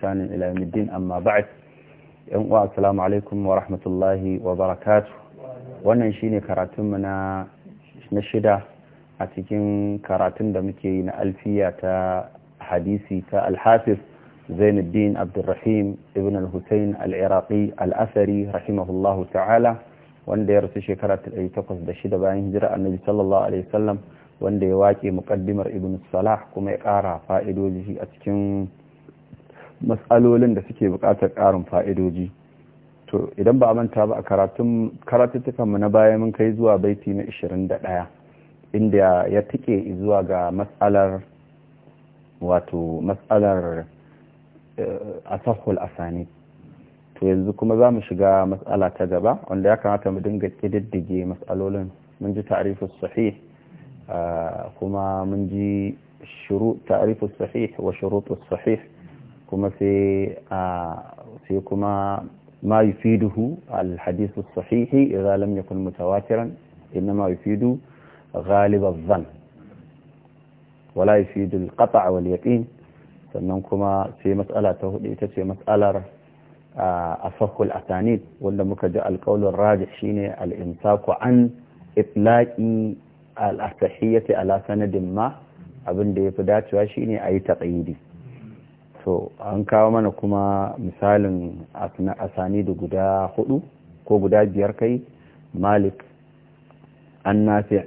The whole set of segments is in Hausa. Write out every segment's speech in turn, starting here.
بإحسان amma يوم yan uwa بعد السلام wa ورحمة wa وبركاته wannan shine karatunmu na na shida a cikin karatun da muke yi na alfiya ta hadisi ta alhafiz zainuddin abdulrahim ibn al-hussein al-iraqi al-asari rahimahullahu ta'ala wanda ya rasu shekara ta da shida bayan hijira annabi sallallahu alaihi wasallam wanda ya waƙe muƙaddimar ibn salah kuma ya ƙara fa'idoji a cikin matsalolin da suke buƙatar ƙarin fa'idoji to idan ba a manta ba a karatun karatuttukanmu na baya mun kai zuwa baiti na 21 inda ya tike zuwa ga matsalar wato matsalar eh, a asani to yanzu kuma za mu shiga matsala ta gaba wanda ya kamata mu dinga ƙididdige matsalolin mun ji tarifus sahih eh, kuma mun ji ta'rifus sahih wa shurutus sahih كما في آه، في كما ما يفيده الحديث الصحيح إذا لم يكن متواترا إنما يفيد غالب الظن ولا يفيد القطع واليقين فنكما في مسألة تهديت في مسألة آه، أفق الأتانيد ولما كجاء القول الراجح حين الامساك عن إطلاق الاصحيه على سند ما أبن دي فدات أي تقييدي to an kawo mana kuma misalin asani da guda hudu ko guda biyar kai malik an nafi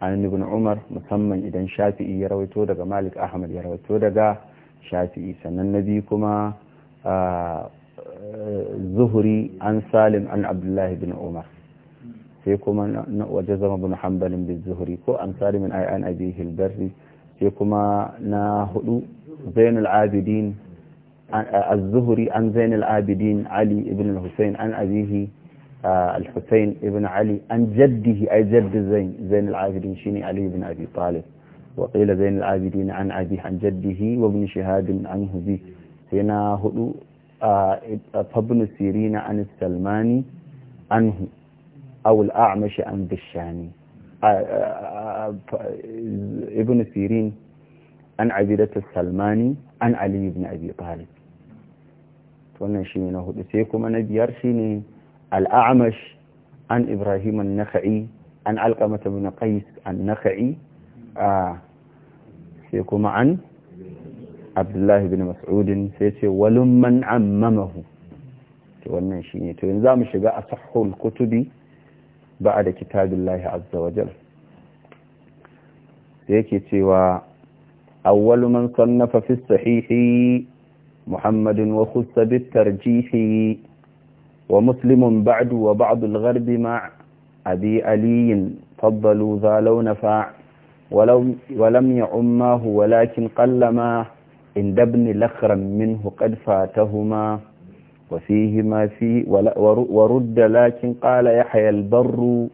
an ibn umar musamman idan shafi'i ya rawaito daga malik ahmad ya rawaito daga shafi'i sannan na biyu kuma zuhuri an salim an abdullahi bin umar sai kuma waje zama bin hambalin bin zuhuri ko an salimin an abi hilbarri sai kuma na hudu زين العابدين الزهري عن زين العابدين علي بن الحسين عن أبيه آه، الحسين بن علي عن جده أي جد زين زين العابدين شيني علي بن أبي طالب وقيل زين العابدين عن أبيه عن جده وابن شهاب عنه به هنا هدو آه، فابن سيرين عن السلماني عنه أو الأعمش عن بشاني آه، ابن سيرين an abidatu salmani an ali ibn abi talib wannan shine na hudu sai kuma na biyar shine al-a'mash an ibrahim an-nakhai an alqamah bin qais an-nakhai sai kuma an abdullahi bin mas'udin sai ce walin man ammamahu to wannan shine to yanzu zamu shiga a sahhul kutubi ba'a da kitabillahi azza wajal sai yake cewa أول من صنف في الصحيح محمد وخص بالترجيح ومسلم بعد وبعض الغرب مع أبي علي فضلوا ذا لو نفع ولو ولم يعماه ولكن قلما إن دبن لخرا منه قد فاتهما وفيهما في ورد لكن قال يحيى البر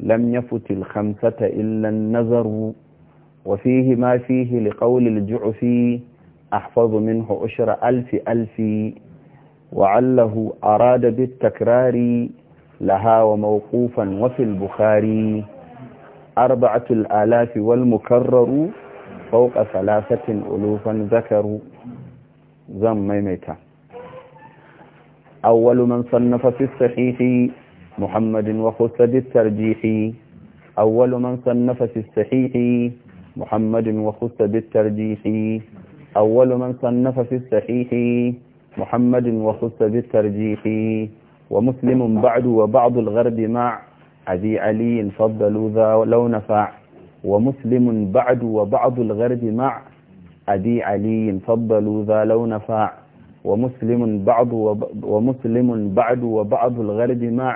لم يفت الخمسة إلا النذر وفيه ما فيه لقول الجعفي أحفظ منه أشر ألف ألف وعله أراد بالتكرار لها وموقوفا وفي البخاري أربعة الآلاف والمكرر فوق ثلاثة ألوفا ذكروا زم ميميتا أول من صنف في الصحيح محمد وخسد الترجيح أول من صنف في الصحيح محمد وخص بالترجيح أول من صنف في الصحيح محمد وخص بالترجيح ومسلم بعد وبعض الغرب مع أبي علي فضلوا ذا لو نفع ومسلم بعد وبعض الغرب مع أبي علي فضلوا ذا لو نفع ومسلم بعض ومسلم بعد وبعض الغرب مع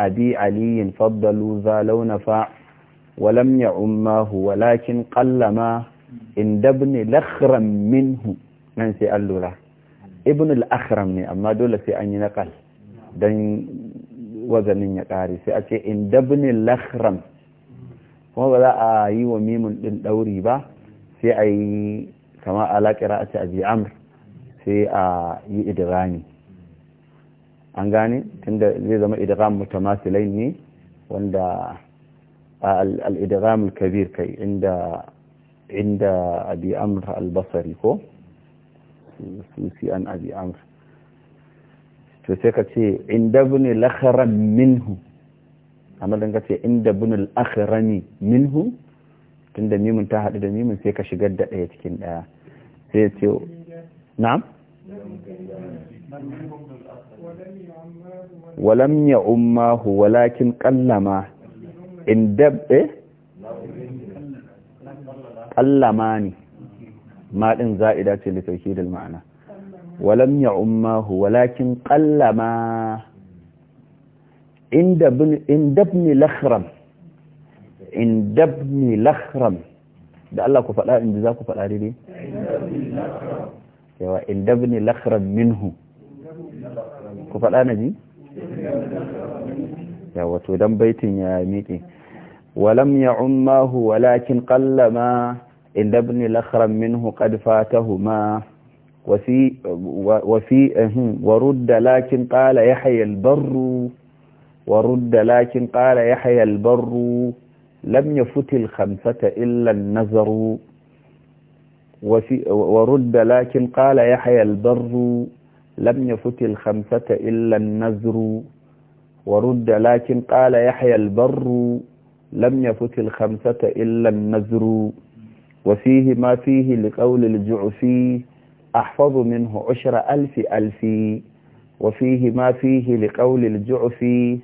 أبي علي فضلوا ذا لو نفع ولم يعمه ولكن قلما ان ابن الأخرم منه من سي اللولا ابن الاخرم ني اما دول سي اني نقل دن وزنين يقاري سي سأتي ان ابن الأخرم وهو لا آي وميم دوري با سي اي كما على قراءه ابي عمرو سي اي إدغاني ان غاني tunda زي زما ادغام متماثلين ني wanda al-idgham al-kabir kai inda inda abi al-basri ko susi an abi amr to sai ka inda ibn al-akhram minhu amma dan ka ce inda ibn al-akhrami minhu tunda mimun ta hadu da mimun sai ka shigar cikin ɗaya, sai ce na'am ولم يعمه ولكن قلما in dab kallama eh? kallamani ma din za'ida ce li tawkidil ma'ana walam hu walakin kallama in inda ibn lakhram inda ibn lakhram da Allah ku faɗa inda za ku faɗa daidai yawa inda ibn lakhram minhu ku faɗa na ji yawa to dan baitin ya miƙe ولم يعماه ولكن قلما إن ابن الأخرم منه قد فاتهما وفي, وفي ورد لكن قال يحيى البر ورد لكن قال يحيى البر لم يفت الخمسة إلا النذر وفي ورد لكن قال يحيى البر لم يفت الخمسة إلا النذر ورد لكن قال يحيى البر لم يفت الخمسة إلا النذر وفيه ما فيه لقول الجعفي أحفظ منه عشر ألف ألف وفيه ما فيه لقول الجعفي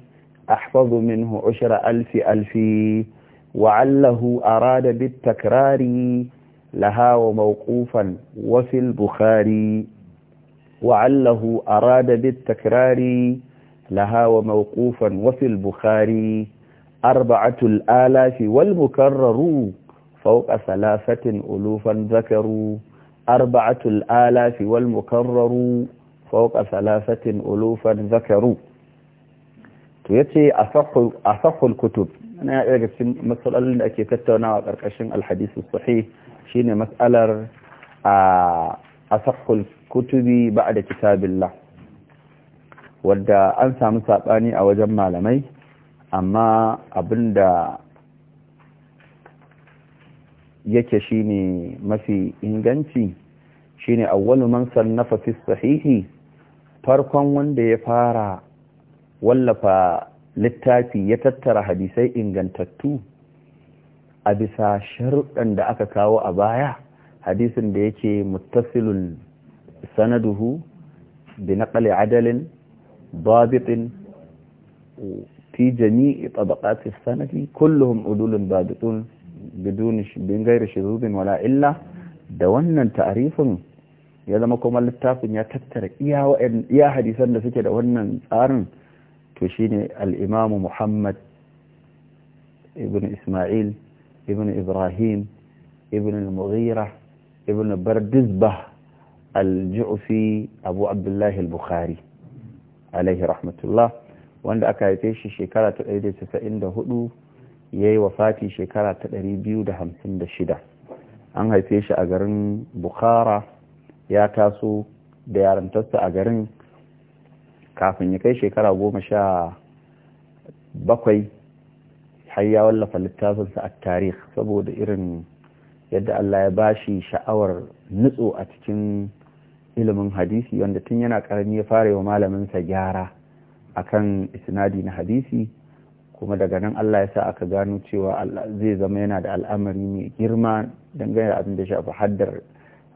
أحفظ منه عشر ألف ألف وعله أراد بالتكرار لها وموقوفا وفي البخاري وعله أراد بالتكرار لها وموقوفا وفي البخاري arba'atul alafi wal mukarraru fawqa salasatin ulufan zakaru arba'atul alafi wal mukarraru fawqa salasatin ulufan zakaru to yace asahhu asahhu kutub ana daga cikin matsalolin da ake tattaunawa karkashin alhadisi sahih shine mas'alar a asahhu kutubi ba'da kitabillah wadda an samu sabani a wajen malamai amma abinda yake shine mafi inganci shine awwalu man sannafa fi sahihi farkon wanda ya fara wallafa littafi ya tattara hadisai ingantattu a bisa sharuɗan da aka kawo a baya hadisin da yake muttasilun sanaduhu bi naqli adalin babitin في جميع طبقات السنة كلهم أدول بادئون بدون من غير شذوذ ولا إلا da wannan ta'arifin ya zama kuma littafin ya tattara iya hadisan da suke da wannan tsarin to shine al'imamu muhammad ibn ismail ibn ibrahim ibn al-mughira ibn bardizbah al-ju'fi abu abdullahi al-bukhari alaihi rahmatullah wanda aka haife shi shekara ta hudu ya yi wafati shekara ta 256 an haife shi a garin bukhara ya taso da yarantarsa a garin kafin ya kai shekara goma sha bakwai har ya wallafa littafinsa a tarih saboda irin yadda Allah ya bashi sha'awar nutso a cikin ilimin hadisi wanda tun yana karami ya fara yi wa malaminsa gyara akan isnadi na hadisi kuma daga nan Allah ya sa aka gano cewa zai zama yana da al'amari mai girma dangane da abin da shafi haddar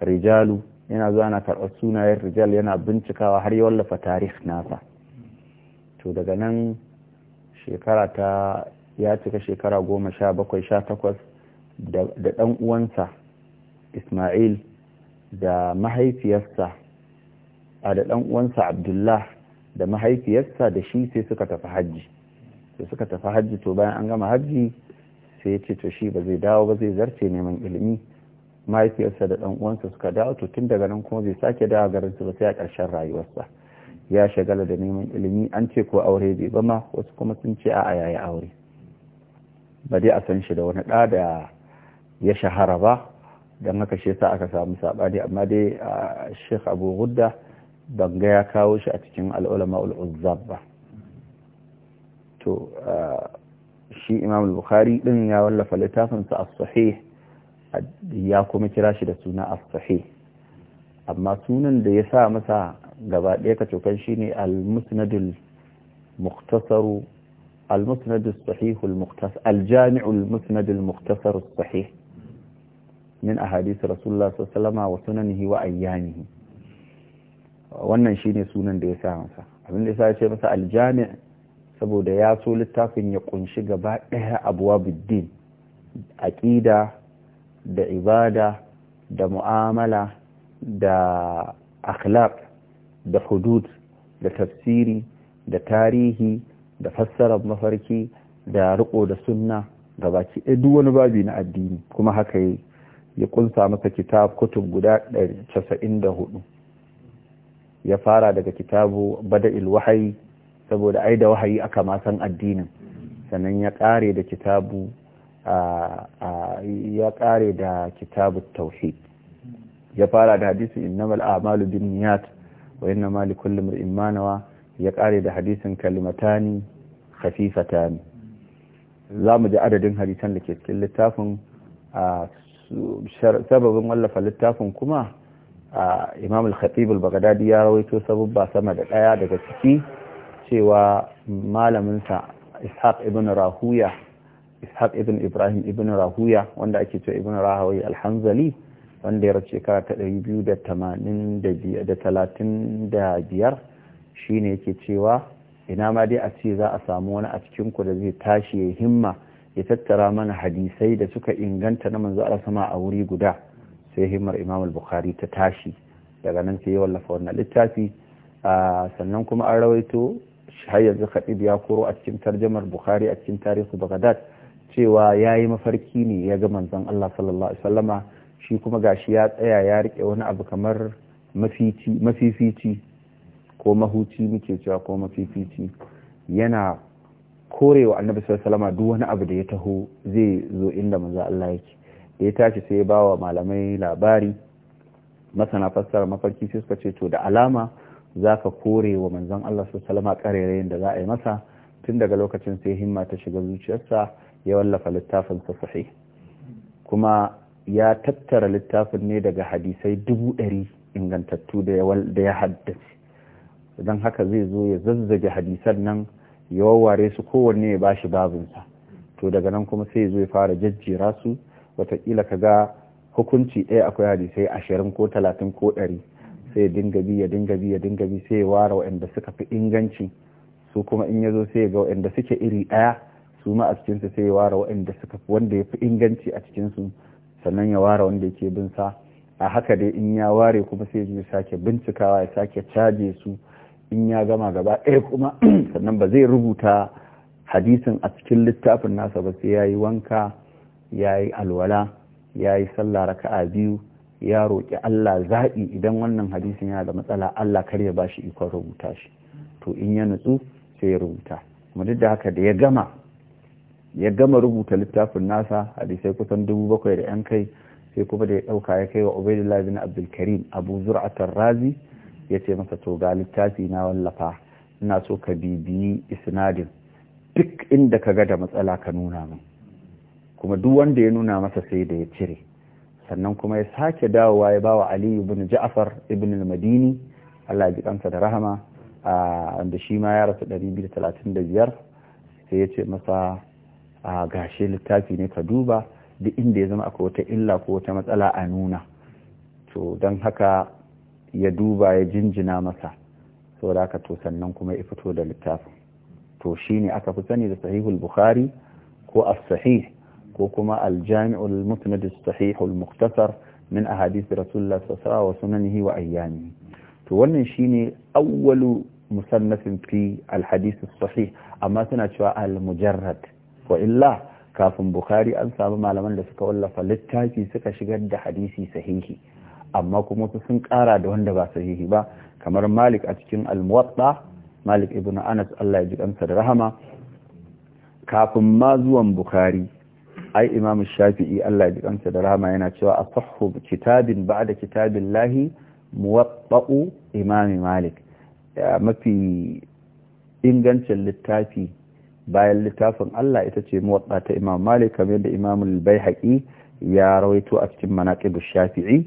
rijalu yana zuwa na karɓar sunayen rijal yana bincikawa har ya wallafa tarih nasa to daga nan shekara ta ya cika shekara goma sha bakwai sha takwas da ɗan uwansa ismail da mahaifiyarsa a da ɗan uwansa abdullah da mahaifiyarsa da shi sai suka tafi hajji sai suka tafi hajji to bayan an gama hajji sai ya ce to shi ba zai dawo ba zai zarce neman ilimi mahaifiyarsa da ɗan uwansa suka dawo to tun daga nan kuma bai sake dawo garin su ba sai a ƙarshen rayuwarsa ya shagala da neman ilimi an ce ko aure bai ba ma wasu kuma sun ce a'a yayi aure ba dai a san shi da wani ɗa da ya shahara ba don haka shi yasa aka samu saɓani amma dai a sheikh abu gudda ban ga ya kawo shi a cikin al'ulama ul'uzzab ba to shi imam al-bukhari din ya wallafa sa as-sahih ya kuma kira shi da suna as-sahih amma sunan da ya sa masa gaba ɗaya ka tokan shi ne al al-mukhtasar al musnad as-sahih al al-mukhtasar as sahih min ahadith rasulullah sallallahu alaihi wa sunanihi wa ayyamihi wannan shi ne sunan da ya sa masa abin da ya ce masa aljami saboda ya so littafin ya kunshi gaba ɗaya abuwa biddin aƙida da ibada da mu'amala da akhlaq da hudud da tafsiri da tarihi da fassarar mafarki da riko da sunna ga baki ɗaya duk wani babu na addini kuma haka ya kunsa masa kitab kutub guda 94 ya fara daga kitabu bada'il wahayi saboda aida wahayi aka ma addinin sannan ya kare da kitabu ya kare da kitabu tauhid ya fara da hadisin innamal a'malu binniyat wa innama likulli ma nawa ya kare da hadisin kalimatani khafifatani za mu ji adadin hadisan da ke cikin littafin sababin wallafa littafin kuma imam al-khatib al-baghdadi ya rawaito ba sama da daya daga ciki cewa malamin sa ishaq ibn rahuya ishaq ibn ibrahim ibn rahuya wanda ake cewa ibn rahawi al-hanzali wanda ya race kara ta 235 shine yake cewa ina ma dai a ce za a samu wani a cikin ku da zai tashi ya himma ya tattara mana hadisai da suka inganta na manzo Allah sama a wuri guda sai himmar imam al-bukhari ta tashi daga nan sai ya wallafa wannan littafi sannan kuma an rawaito har yanzu ya koro a cikin tarjamar bukhari a cikin tarihi bagdad cewa ya yi mafarki ne ya ga manzon allah sallallahu alaihi wasallama shi kuma gashi ya tsaya ya rike wani abu kamar mafifici ko mahuci muke cewa ko mafifici yana korewa annabi sallallahu alaihi wasallama duk wani abu da ya taho zai zo inda manzon allah yake ya tashi sai ya ba wa malamai labari masana fassara mafarki sai suka ce to da alama za ka kore wa manzon Allah su salama ƙarerayin da za a yi masa tun daga lokacin sai himma ta shiga zuciyarsa ya wallafa littafin sa sahi kuma ya tattara littafin ne daga hadisai dubu ɗari ingantattu da ya haddace don haka zai zo ya zazzage hadisan nan ya warware su kowanne ya ba shi babinsa to daga nan kuma sai zo ya fara jajjera su watakila ka ga hukunci ɗaya akwai hadisai ashirin ko talatin ko ɗari sai ya dinga bi ya dinga bi ya dinga bi sai ya ware waɗanda suka fi inganci su kuma in ya zo sai ya ga waɗanda suke iri ɗaya su ma a cikinsu sai ya ware waɗanda suka wanda ya fi inganci a cikinsu sannan ya ware wanda yake bin sa a haka dai in ya ware kuma sai ya sake bincikawa ya sake caje su in ya gama gaba ɗaya kuma sannan ba zai rubuta hadisin a cikin littafin nasa ba sai ya yi wanka ya yi alwala ya yi sallah raka'a biyu ya roƙi Allah zaɓi idan wannan hadisin yana da matsala Allah kar ya bashi ikon rubuta shi to in ya nutsu sai ya rubuta kuma duk da haka da ya gama ya gama rubuta littafin nasa hadisai kusan dubu bakwai da yan kai sai kuma da ya ɗauka ya kai wa Ubaidullah bin Abdulkarim Abu Zur'atar Razi ya ce masa to ga littafi na wallafa ina so ka bibiyi isnadin duk inda ka ga da matsala ka nuna min kuma duk wanda ya nuna masa sai da ya cire sannan kuma ya sake dawowa ya bawa Ali ibn Ja'far ibn al-Madini Allah ya kansa da rahama wanda shi ma ya rasu 235 sai ya ce masa gashi littafi ne ka duba duk inda ya zama akwai wata illa ko wata matsala a nuna to don haka ya duba ya jinjina masa saboda haka to sannan kuma ya fito da littafin to shi ne aka fi sani da sahihul bukhari ko as-sahih ko kuma aljami'ul musnad as-sahih al min ahadisi rasulullah sallallahu alaihi wa sunanihi ayyami to wannan shine awwalu musannafin fi al-hadith as-sahih amma suna cewa al-mujarrad wa illa kafin bukhari an samu malaman da suka wallafa littafi suka shigar da hadisi sahihi amma kuma sun kara da wanda ba sahihi ba kamar malik a cikin al malik ibn anas Allah ya ji kansa da rahama kafin ma zuwan bukhari ai imam shafi'i Allah ya kansa da rahama yana cewa a asahhu kitabin da kitabin lahi muwabba'u imami malik mafi ingancin littafi bayan littafin Allah ita ce muwatta ta imam malik kamar yadda imam bai haƙi ya rawaito a cikin manaqib shafi'i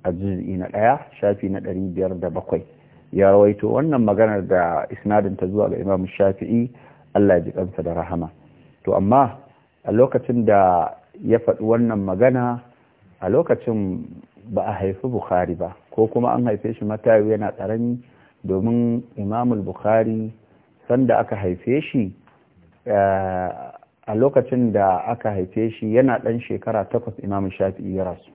a juz'i na ɗaya shafi na ɗari biyar da bakwai ya rawaito wannan maganar da isnadin ta zuwa ga imam shafi'i Allah ya ji da rahama to amma a lokacin da ya faɗi wannan magana a lokacin ba a haifi bukhari ba ko kuma an haife shi matayu yana tsarami domin imamul bukhari sanda aka haife shi eh, a lokacin da aka haife shi yana ɗan shekara takwas imamu shafi'i ya rasu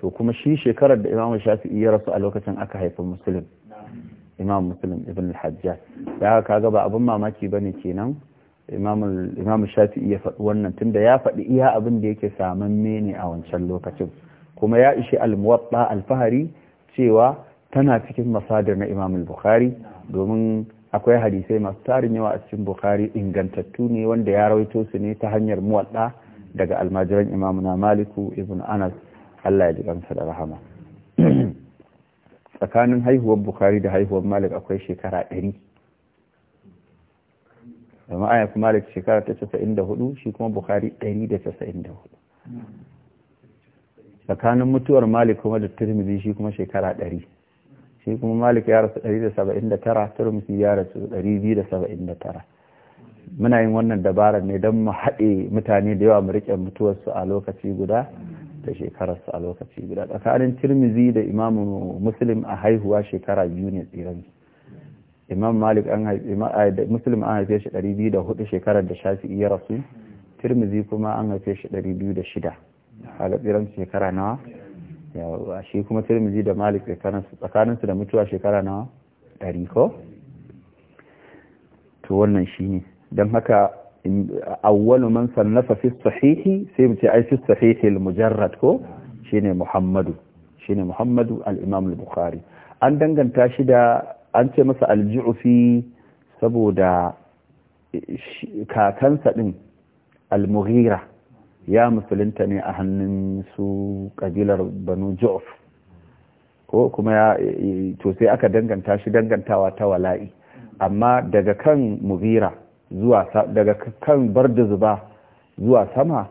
to kuma shi shekarar da imamu shafi'i ya rasu a lokacin aka haifi musulun imam musulun ibn al-hajjaj da kaga ba abin mamaki ba ne kenan imam shafi'i ya faɗi wannan tunda ya faɗi iya abin da yake saman ne a wancan lokacin kuma ya ishi almuwatta alfahari cewa tana cikin masadar na imamul bukhari domin akwai hadisai masu tarin yawa a cikin bukhari ingantattu ne wanda ya rawaito su ne ta hanyar muwatta daga almajiran imamuna maliku ibn anas allah ya ji kansa da rahama tsakanin haihuwar bukhari da haihuwar malik akwai shekara ɗari domin ana fi malik shekara ta casa'in da hudu shi kuma bukhari ɗari da casa'in da hudu tsakanin mutuwar malik kuma da turmizi shi kuma shekara ɗari shi kuma malik ya rasu ɗari da saba'in da tara turmizi ya rasu ɗari biyu da saba'in da tara muna yin wannan dabarar ne don mu haɗe mutane da yawa mu riƙe mutuwarsu a lokaci guda da shekararsu a lokaci guda tsakanin turmizi da imamu muslim a haihuwa shekara biyu ne tsiransu imam malik an haife muslim an haife shi 204 shekarar da shafi'i ya rasu tirmizi kuma an haife shi 206 kaga tsiran shekara nawa yawa shi kuma tirmizi da malik tsakaninsu da mutuwa shekara nawa 100 ko to wannan shi ne don haka awwalu man sannafa fi sahihi sai mu ce ai fi sahihi al-mujarrad ko shine muhammadu shine muhammadu al-imam al-bukhari an danganta shi da an ce masa aljufi saboda kakansa ɗin almughira ya musulunta ne a hannun su ƙabilar banu ju'uf ko kuma ya to sai aka danganta shi dangantawa ta wala'i amma daga kan mughira zuwa daga kan barda zuba zuwa sama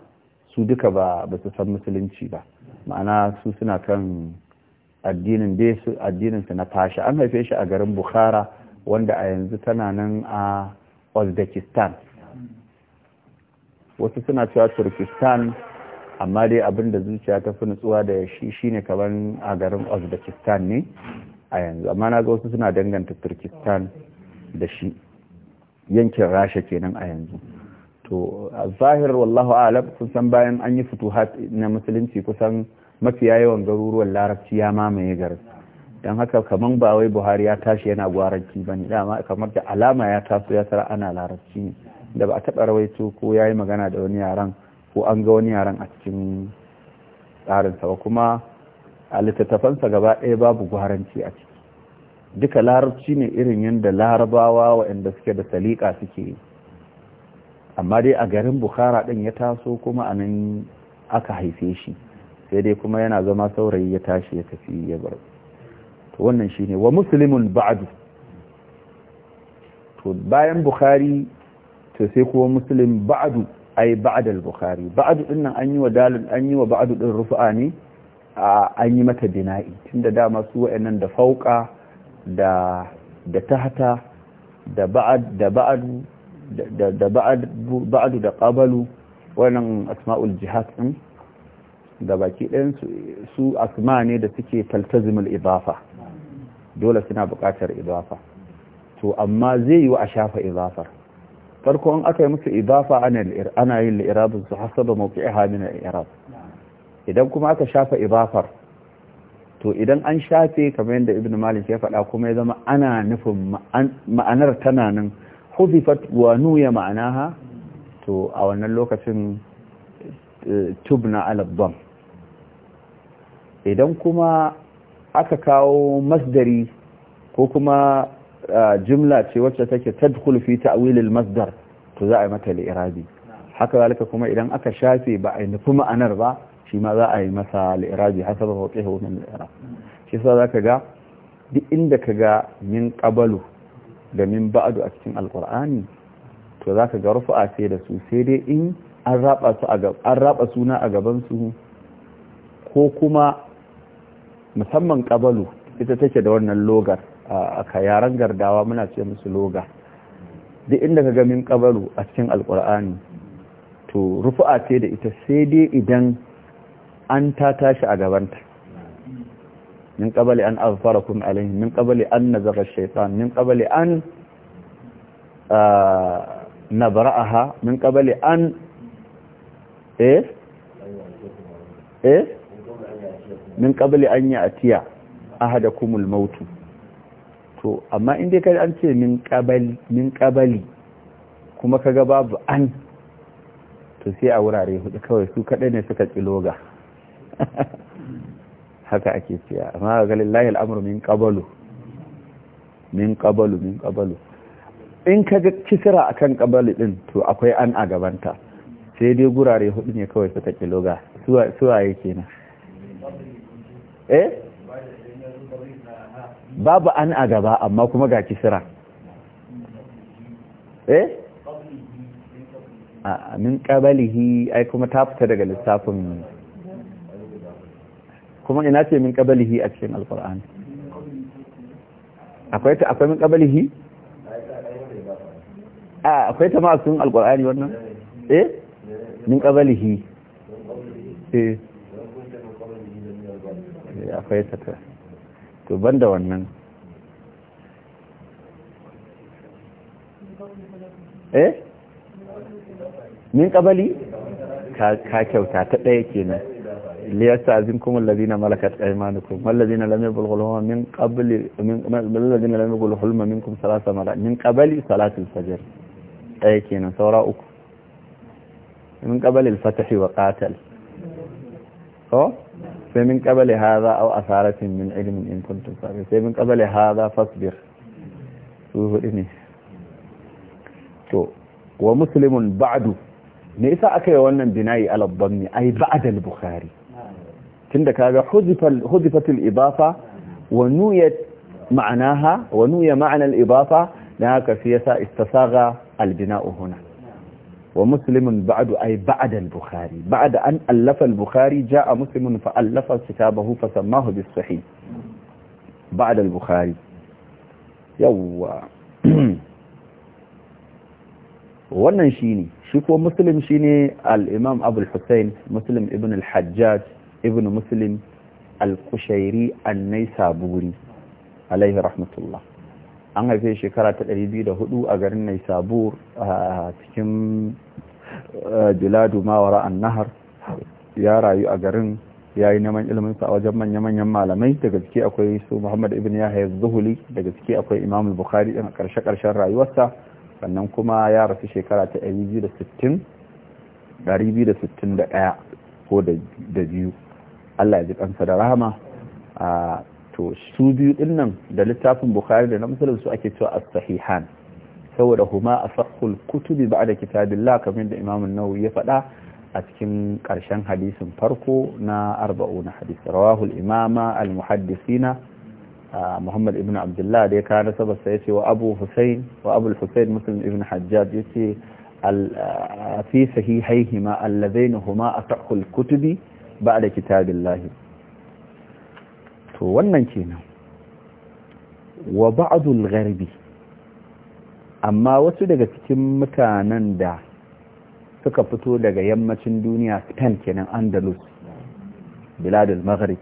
su duka ba su san musulunci ba ma'ana su suna kan addinin dai su addinin su na fasha an haife shi a garin bukhara wanda a yanzu tana nan a uzbekistan wasu suna cewa turkistan amma dai abin da zuciya ta fi nutsuwa da shi shine kaman a garin uzbekistan ne a yanzu amma na ga wasu suna danganta turkistan da shi yankin rasha kenan a yanzu to a zahir wallahu alam kun san bayan an yi futuhat na musulunci kusan mafiya yawan garuruwan larabci ya mamaye garin don haka kamar ba wai buhari ya tashi yana gwaranci ba ne dama kamar da alama ya taso ya tara ana larabci ne da ba a taɓa rawaito ko ya yi magana da wani yaran ko an ga wani yaran a cikin tsarinsa ba kuma a littattafansa gaba ɗaya babu gwaranci a ciki duka larabci ne irin yadda larabawa waɗanda suke da salika suke yi amma dai a garin bukhara ɗin ya taso kuma a nan aka haife shi sai dai kuma yana zama saurayi ya tashi ya tafi ya bar to wannan shine wa muslimun ba'du to bayan bukhari to sai kuma muslim ba'du ai ba'da al-bukhari ba'du din nan an yi wa dalil an yi wa ba'du din rufa'a ne an yi mata bina'i tunda dama su wa'annan da fauka da da tahta da ba'd da ba'adu da ba'adu da qabalu wannan asma'ul jihad din da baki ɗayan su asma ne da suke taltazimul idafa dole suna buƙatar idafa to amma zai yi wa a shafa idafar farko in aka yi musu idafa ana yin li'irabin su hasaba mawqi'iha min al-i'rab idan kuma aka shafa ibafar, to idan an shafe kamar yadda ibn malik ya faɗa kuma ya zama ana nufin ma'anar tana nan hufifat wa nuya ha to a wannan lokacin eh, tubna ala idan kuma aka kawo masdari ko kuma jimla ce wacce take tadkhul fi ta'wil al-masdar to za a yi mata li'irabi haka zalika kuma idan aka shafe ba a yi nufi ma'anar ba shi ma za a yi masa li'irabi hasaba fawqihi min al-i'rab shi za ka ga duk inda ka ga min qabalu da min ba'adu a cikin Alƙur'ani to za ka ga rufa'a sai da su sai dai in an raba an raba suna a gaban su ko kuma musamman kabalu ita take da wannan logar a yaren gardawa muna ce musu loga duk inda ka gamin kabalu a cikin alƙur'ani to rufu'a ce da ita sai dai idan an ta tashi a gabanta min kabali an azfarakum alaihi min kabali an nazara shaitan min kabali an nabra'aha min kabali an eh eh min qabli an ya'tiya ahadakumul maut to amma in dai kai an ce min qabali min kuma kaga babu an to sai a wurare hudu kawai su kaɗai ne suka kiloga haka ake cewa amma ga lillahi al'amru min qabalu min qabalu min qabalu in kaga kisra akan qabali din to akwai an a gabanta sai dai gurare hudu ne kawai suka kiloga suwaye kenan eh babu an a gaba amma kuma ga kisira eh a min kabalihi ai kuma ta fita daga lissafin kuma ina ce min kabalihi a cikin alqur'ani akwai ta akwai min kabalihi a akwai ta ma a cikin alqur'ani wannan eh min kabalihi eh akwai sata to ban da wannan eh min kabali ka kyauta ta ɗaya kenan liyastazin kuma lalazina malakat aimanukum wallazina lam yablughul hulma min qabli min wallazina lam yablughul hulma minkum salasa marat min qabli salati al-fajr ɗaya kenan saura uku min qabli al-fath wa qatal ko sai min qabli hadha aw asaratin min ilmin in kuntum sabi sai min qabli hadha fasbir su hudu ne to wa musulmin ba'du me isa aka yi wannan dinayi ala ai ba'da al tun tunda kaga hudifal hudifatul ibafa wa nuyat ma'anaha wa nuya haka sai yasa istasaga al-bina'u ومسلم بعد أي بعد البخاري بعد أن ألف البخاري جاء مسلم فألف كتابه فسماه بالصحيح بعد البخاري يو وانا شيني شوفوا مسلم شيني الإمام أبو الحسين مسلم ابن الحجاج ابن مسلم القشيري النيسابوري عليه رحمة الله an haife shekara ta 204 a garin naisabur a cikin biladu mawara an nahar ya rayu a garin ya yi neman iliminsa a wajen manya-manyan malamai daga ciki akwai su muhammad ibn yahya zuhuli daga ciki akwai imam bukhari a karshe-karshen rayuwarsa sannan kuma ya rasu shekara ta 261 ko da biyu allah ya ji kansa da rahama to su biyu dinnan da littafin bukhari da na musulun su ake cewa as-sahihan saboda huma asahhul kutubi ba'da kitabillah kamar da imam an-nawawi ya faɗa a cikin ƙarshen hadisin farko na arba'una hadis rawahul imama al-muhaddisina muhammad ibn abdullah da ya kana sabarsa ya ce wa abu husain wa abu husain muslim ibn hajjaj yace fi sahihaihima allazain huma asahhul kutubi ba'da kitabillah to wannan kenan wa ba'dul gharbi amma wasu daga cikin mutanen da suka fito daga yammacin duniya Spain kenan Andalus biladul maghrib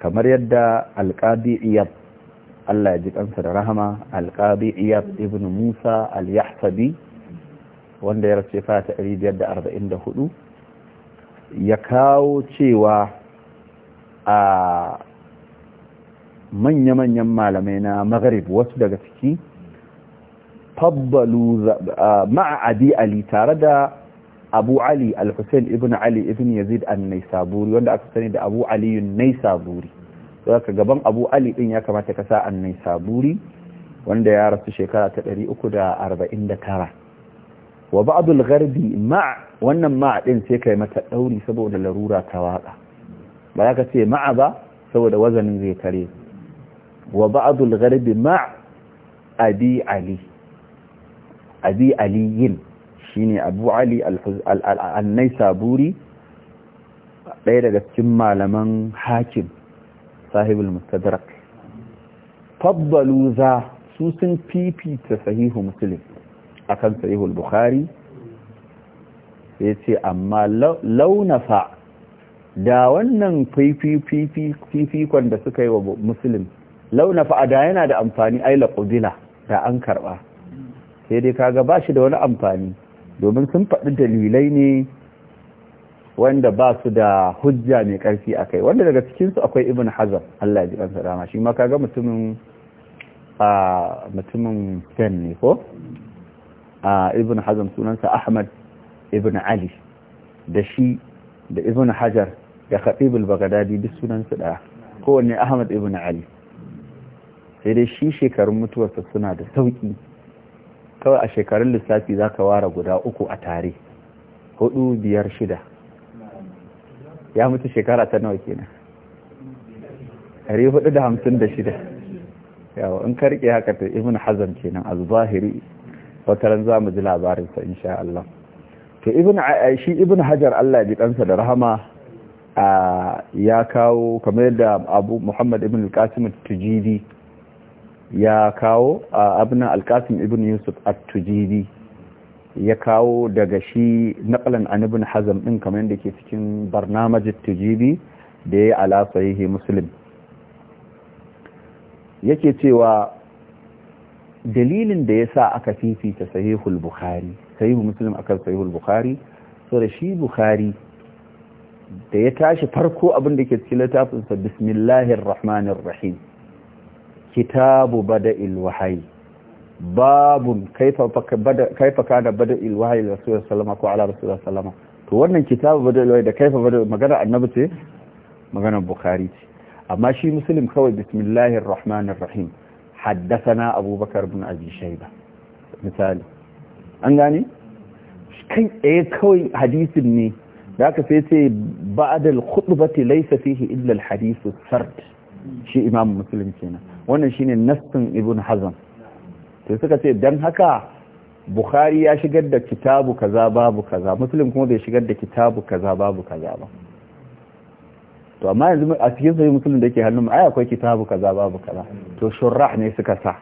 kamar yadda alqadi Iyad Allah ya ji kansa da rahama alqadi Iyad ibn Musa al-Yahsabi wanda ya rasu fata 544 ya kawo cewa a manya-manyan malamai na magharib wasu daga ciki fabbalu ma'adi ali tare da abu ali al-hussein ibn ali ibn yazid an-naisaburi wanda aka sani da abu aliyun naisaburi zaka gaban abu ali din ya kamata ka sa an-naisaburi wanda ya rasu shekara ta da da arba'in tara. wa ba'dul gharbi ma wannan ma'adin sai sai kai mata ɗauri saboda larura ta waka ba za ka ce ma'a ba saboda wazanin zai kare wa ba'adul garbi ma abi ali abi aliyin shine abu ali al-annai saburi ɗaya daga cikin malaman hakim sahibul mustadrak fabbalu za su sun fifita sahihu muslim akan sahihul bukhari sai ce amma launafa da wannan fifikon da suka yi wa musulun launa fa'ada yana da amfani aila ƙudila da an karɓa sai dai kaga ba shi da wani amfani domin sun faɗi dalilai ne wanda ba su da hujja mai ƙarfi a kai wanda daga cikinsu akwai ibn hazar Allah ji kansa dama shi ma kaga mutumin ne ko a ibn hazar sunansa ahmad ibn ali da shi da ibn hajar da khatib al-baghdadi duk sunan su daya kowanne ahmad ibn ali sai dai shi shekarun mutuwarsa suna da sauki kawai a shekarun lissafi zaka ware guda uku a tare hudu biyar shida ya mutu shekara ta nawa kenan ɗari hudu da hamsin da shida yawa in karke haka ta ibn hazan kenan a zahiri wataran za mu ji labarinsa insha Allah to ibn shi ibn hajar Allah ya ji kansa da rahama ya kawo kamar yadda abu muhammad ibn al-qasim tujidi ya kawo abinan al-qasim ibn yusuf at-tujidi ya kawo daga shi naƙalan an ibn hazam ɗin kamar yadda ke cikin barnamajin tujidi da ya yi ala sahihi muslim yake cewa dalilin da ya sa aka fifita sahihul bukhari sahihu muslim aka sahihul bukhari so da shi bukhari da ya tashi farko abin da ke cikin littafinsa bismillahir rahmanir rahim kitabu bada'il wahyi babun kaifa kana bada'il wahyi rasulullahi sallallahu ko wa rasulullah sallama to wannan kitabu bada'il wahyi da kaifa bada'il magana annabi ce magana bukhari ce amma shi muslim kawai bismillahir rahmanir rahim haddathana abubakar ibn abi shayba misali an gane kai eh kawai hadisin ne da aka sai ce ba'adal khutbati laysa fihi illal hadisu sard shi imam musulun kenan wannan shine nassin ibn hazan to suka ce dan haka bukhari ya shigar da kitabu kaza babu kaza musulun kuma bai shigar da kitabu kaza babu kaza ba to amma yanzu a cikin sai musulun da yake hannun ai akwai kitabu kaza babu kaza to shurrah ne suka sa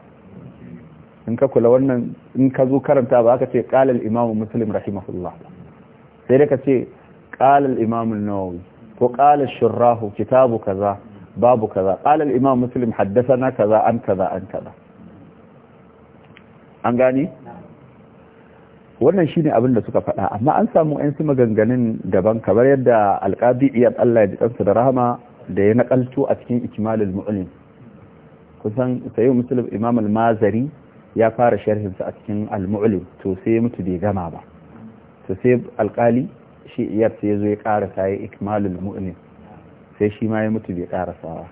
in ka kula wannan in ka zo karanta ba aka ce qala al-imam muslim rahimahullah sai da ka ce قال الإمام النووي وقال الشراه كتاب كذا باب كذا قال الإمام مسلم حدثنا كذا عن كذا عن كذا an gani wannan shine abin da suka faɗa amma an samu ƴan su maganganun daban kamar yadda alƙadi iyad Allah ya ɗansu da rahama da ya nakalto a cikin ikimalin mu'ulin kusan sayyid musulun imam al-mazari ya fara sharhinsa a cikin al muulin to sai mutu bai gama ba to sai alƙali shi iyar sai zo ya karasa ya ikmalul mu'min sai shi ma ya mutu bai karasawa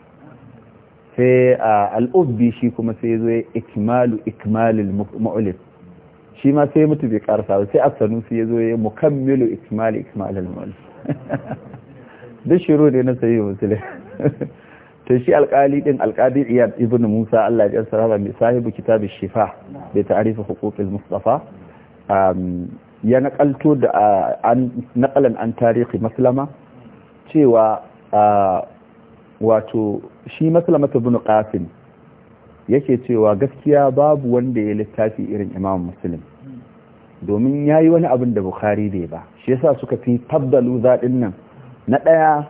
sai al'ubbi shi kuma sai zo ya ikmalu ikmalul mu'min shi ma sai mutu bai karasa ba sai as-sanusi ya ya mukammilu ikmal ikmalul mu'min duk shiru ne na sayi musulun to shi alƙali din alkali iyad ibn musa Allah ya sarara mai sahibu kitab shifa bai ta'arifa huquqil mustafa ya nakalto da nakalan an tarihi maslama cewa wato shi maslama ta bin ƙafin yake cewa gaskiya babu wanda ya littafi irin imam muslim domin ya yi wani abin da bukari bai ba shi yasa suka fi tabbalu zaɗin nan na ɗaya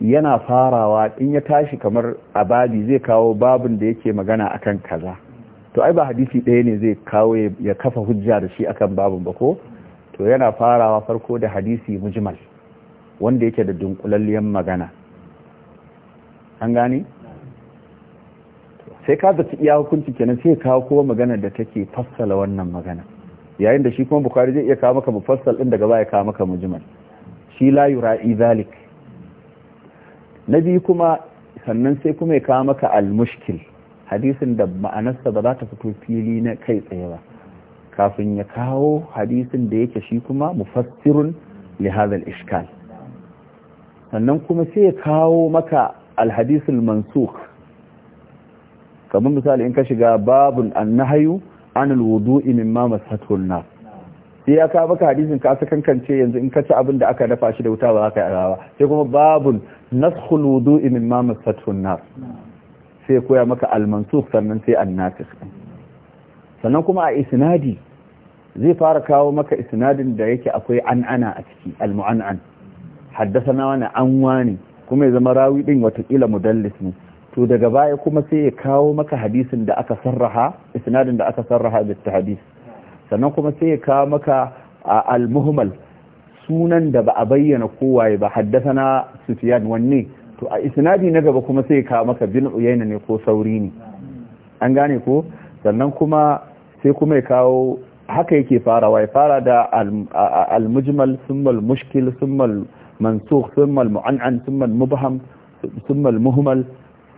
yana farawa in ya tashi kamar a babi zai kawo babin da yake magana akan kaza to ai ba hadisi ɗaya ne zai kawo ya kafa hujja da shi akan babu ba ko to yana farawa farko da hadisi mujmal wanda yake da dunkulalliyar magana an gane sai ka zaci iya hukunci kenan sai kawo kowa magana da take fassala wannan magana yayin da shi kuma bukari zai iya kawo maka mufassal din daga baya kawo maka mujmal shi la yura'i zalik na biyu kuma sannan sai kuma ya kawo maka al-mushkil hadisin da ma'anarsa ba za ta fito fili na kai tsaye ba kafin ya kawo hadisin da yake shi kuma mufassirun li hadha al sannan kuma sai ya kawo maka al-hadith al-mansukh kamar misali in ka shiga babun an-nahyu an al-wudu'i mimma masathu an sai ya kawo maka hadisin ka aka kankance yanzu in ka ci abin da aka dafa shi da wuta ba za ka yi rawa sai kuma babun naskhul wudu'i mimma masathu an sai koya maka almansuk sannan sai annatik sannan kuma a isnadi zai fara kawo maka isnadin da yake akwai an'ana a ciki almu'an'an haddasana wani an wani kuma ya zama rawi din watakila mudallis ne to daga baya kuma sai ya kawo maka hadisin da aka sarraha isnadin da aka sarraha da hadis sannan kuma sai ya kawo maka a almuhmal sunan da ba a bayyana kowaye ba haddasana sufyan wanne to a isnadi na gaba kuma sai ka maka bin uyaina ne ko sauri ne an gane ko sannan kuma sai kuma ya kawo haka yake fara wai fara da al-mujmal thumma al-mushkil thumma al-mansukh thumma al-mu'an'an thumma al-mubham thumma al-muhmal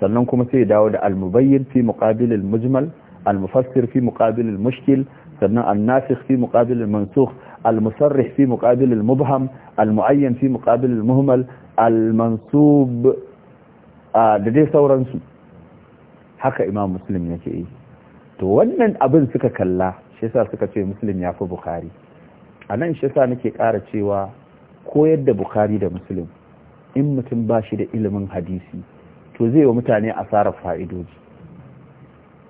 sannan kuma sai ya dawo da al-mubayyin fi muqabil al-mujmal al-mufassir fi muqabil al-mushkil sannan al-nasikh fi muqabil al-mansukh al-musarrih fi muqabil al-mubham al-mu'ayyan fi muqabil al-muhmal al-mansub da dai sauransu haka imam muslim yake yi to wannan abin suka kalla shi sa suka ce muslim ya fi bukari a nan shi sa nake ƙara cewa koyar da bukhari da muslim in mutum ba shi da ilimin hadisi to zai wa mutane asarar fa'idoji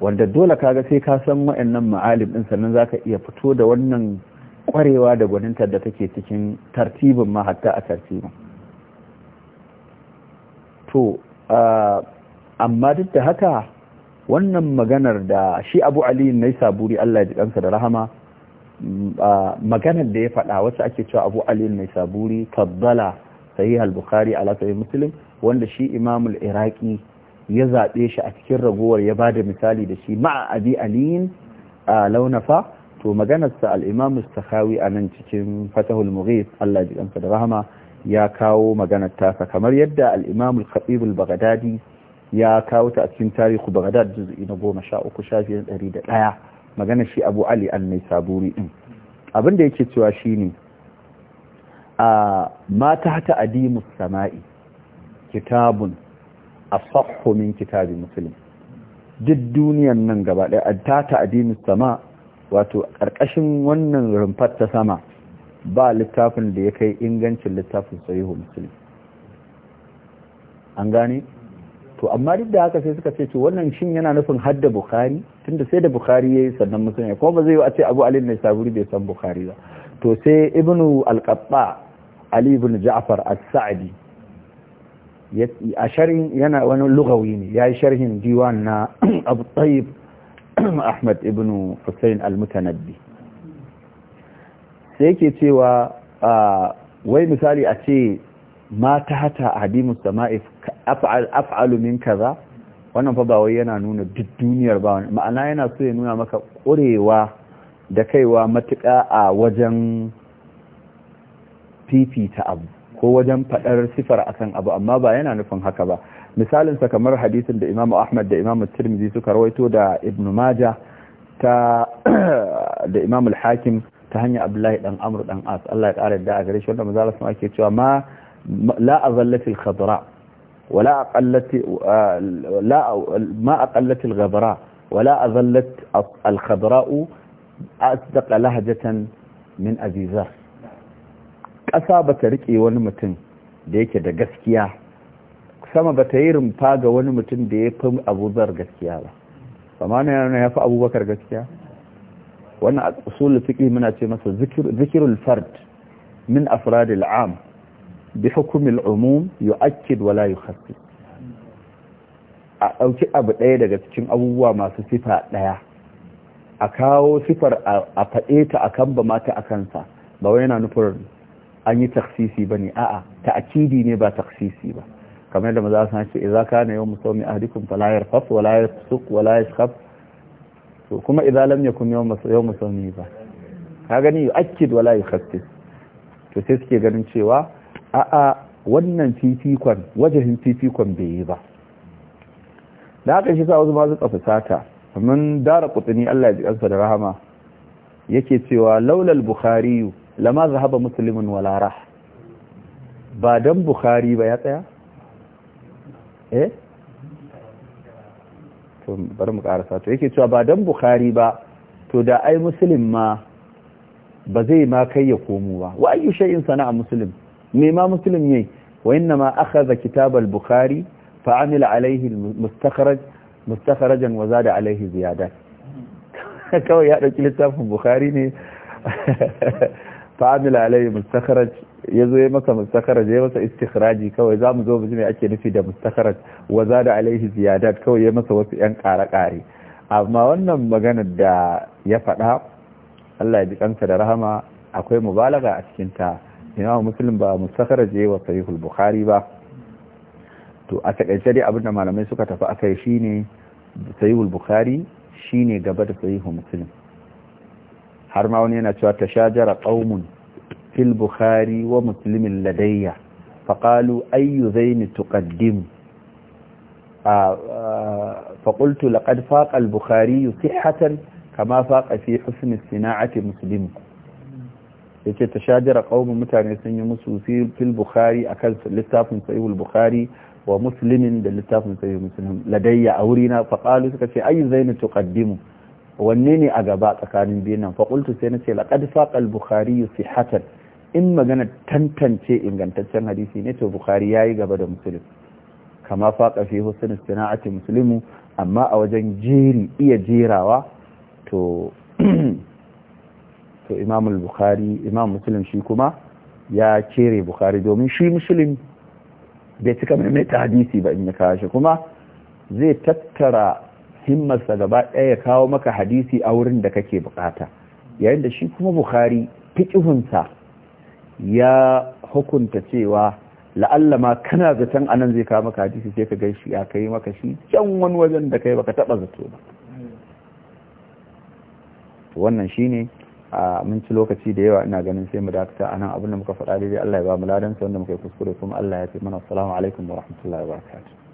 wanda dole kaga sai ka san wa'annan ma'alim ɗin sannan zaka iya fito da wannan ƙwarewa da gwaninta da take cikin tartibin ma hatta a tartibin to amma duk da haka wannan maganar da shi abu ali nai saburi Allah ya ji da rahama mm, maganar da ya faɗa wacce ake cewa abu ali nai saburi faddala sahih al-bukhari ala sahih muslim wanda shi imamul iraki ya zaɓe shi a cikin ragowar ya ba da misali da shi ma'a abi aliyin a launafa to maganarsa al imamu sakhawi a nan cikin fatahul mughis Allah ji da rahama ya kawo maganar tasa kamar yadda alimamul imam al ya kawo ta a cikin tarihu baghdad juz'i na goma sha uku shafin ɗari da ɗaya maganar shi abu ali an saburi din abin da yake cewa shine a mata ta adimus sama'i kitabun a min kitabi muslim duk duniyan nan gaba ɗaya ta ta sama wato ƙarƙashin wannan rumfar ta sama ba littafin da ya kai ingancin littafin sahihu muslim an gane to amma duk da haka sai suka ce to wannan shin yana nufin hadda bukhari tunda sai da bukhari yayi sannan muslim kuma ba zai yi a ce abu ali ne saburi bai san bukhari ba to sai ibnu al ali ibn ja'far as-sa'di a sharhin yana wani lugawi ne yayi sharhin diwan na abu tayyib ahmad ibn husayn al-mutanabbi sai yake cewa wai misali a ce ma ta hata hadimus sama'i af'alu min kaza wannan fa ba wai yana nuna duk duniyar ba ma'ana yana so ya nuna maka kurewa da kaiwa matuƙa a wajen fifita abu ko wajen faɗar sifar akan abu amma ba yana nufin haka ba misalinsa kamar hadisin da imamu ahmad da imamu tirmidhi suka rawaito da ibn majah ta da imamu al-hakim ta hanyar abdullahi dan amur dan as Allah ya kara da a gare shi wanda manzo Allah sama cewa ma la azallati al-khadra wala aqallati uh, la ma aqallati al-ghadra wala azallat al-khadra lahjatan min azizar kasa bata rike wani mutum da yake da gaskiya sama bata yi rumfa ga wani mutum da ya fi abubakar gaskiya ba amma ne ya fi abubakar gaskiya wannan a usul fiqh muna ce masa zikirul fard min afrad al-am bi hukm al-umum yu'akkid wa la yukhaffif a dauki abu daya daga cikin abubuwa masu sifa daya a kawo sifar a fade ta akan ba mata akan sa ba wai yana nufin an yi taksisi bane a'a ta'kidi ne ba taksisi ba kamar da maza sun ce idza kana yawm sawmi ahdikum fala yarfas wala wa wala yashkhaf to kuma idza lam yakun yawm yawm sawmi ba ka gani yu'akkid wala yukhaffif to sai suke ganin cewa a a wannan fifikon wajahin fifikon bai yi ba da haka shi sa wasu su suka sata, kamar dara kutuni Allah ya ji kansa da rahama yake cewa laulal bukhari lama zahaba muslimun wala rah ba dan bukhari ba ya tsaya eh to bari mu karasa to yake cewa ba dan bukhari ba to da ai muslim ma ba zai ma kai ya komo ba wa ayyu shay'in sana'a muslim me ma muslim yayi wa inna ma akhadha kitab al-bukhari fa amila alayhi al-mustakhraj mustakhrajan wa zada alayhi ziyadat kawai ya dauki littafin bukhari ne fa'amila alayhi mustakharaj yazo ya masa mustakharaj ya masa istikhraji kawai zamu zo mu ji me ake nufi da mustakharaj wa zada alayhi ziyadat kawai ya masa wasu yan kare kare amma wannan maganar da ya faɗa Allah ya ji kansa da rahama akwai mubalaga a cikin ta Imam Muslim ba mustakharaj ya wa Sahihul Bukhari ba to a takaice dai abinda malamai suka tafi akai shine Sahihul Bukhari shine gaba da Sahihul Muslim har ma wani yana cewa tashajara qaumun fil bukhari wa musulmin ladayya faqalu ayyu zaini tuqaddim فقلت لقد فاق البخاري صحة كما فاق في حسن الصناعة مسلم yace ta shajara qaumun mutane sun yi musu fil bukhari akan littafin sahihul bukhari wa musulmin da littafin sahihul musulmin ladayya a wurina faqalu suka ce ayu zainu tuqaddimu wanne ne a gaba tsakanin biyun nan faƙultu sai na ce laƙad faƙal bukhari sihatan in magana tantance ingantaccen hadisi ne to bukhari ya yi gaba da musulun kama faƙa fi husn sana'ati muslimu amma a wajen jeri iya jerawa to to imam bukhari imam musulun shi kuma ya kere bukhari domin shi musulun bai cika ta hadisi ba in ya kawo kuma zai tattara himmarsa gaba ɗaya ya kawo maka hadisi a wurin da kake bukata yayin da shi kuma bukhari fiƙihunsa ya hukunta cewa la'alla ma kana zaton nan zai kawo maka hadisi sai ka gan shi ya kai maka shi can wani wajen da kai baka taɓa zato ba to shi ne a mun ci lokaci da yawa ina ganin sai mu dakata anan abin da muka faɗa daidai Allah ya ba mu ladan wanda muka yi kuskure kuma Allah ya fi mana assalamu alaikum wa rahmatullahi wa barakatuh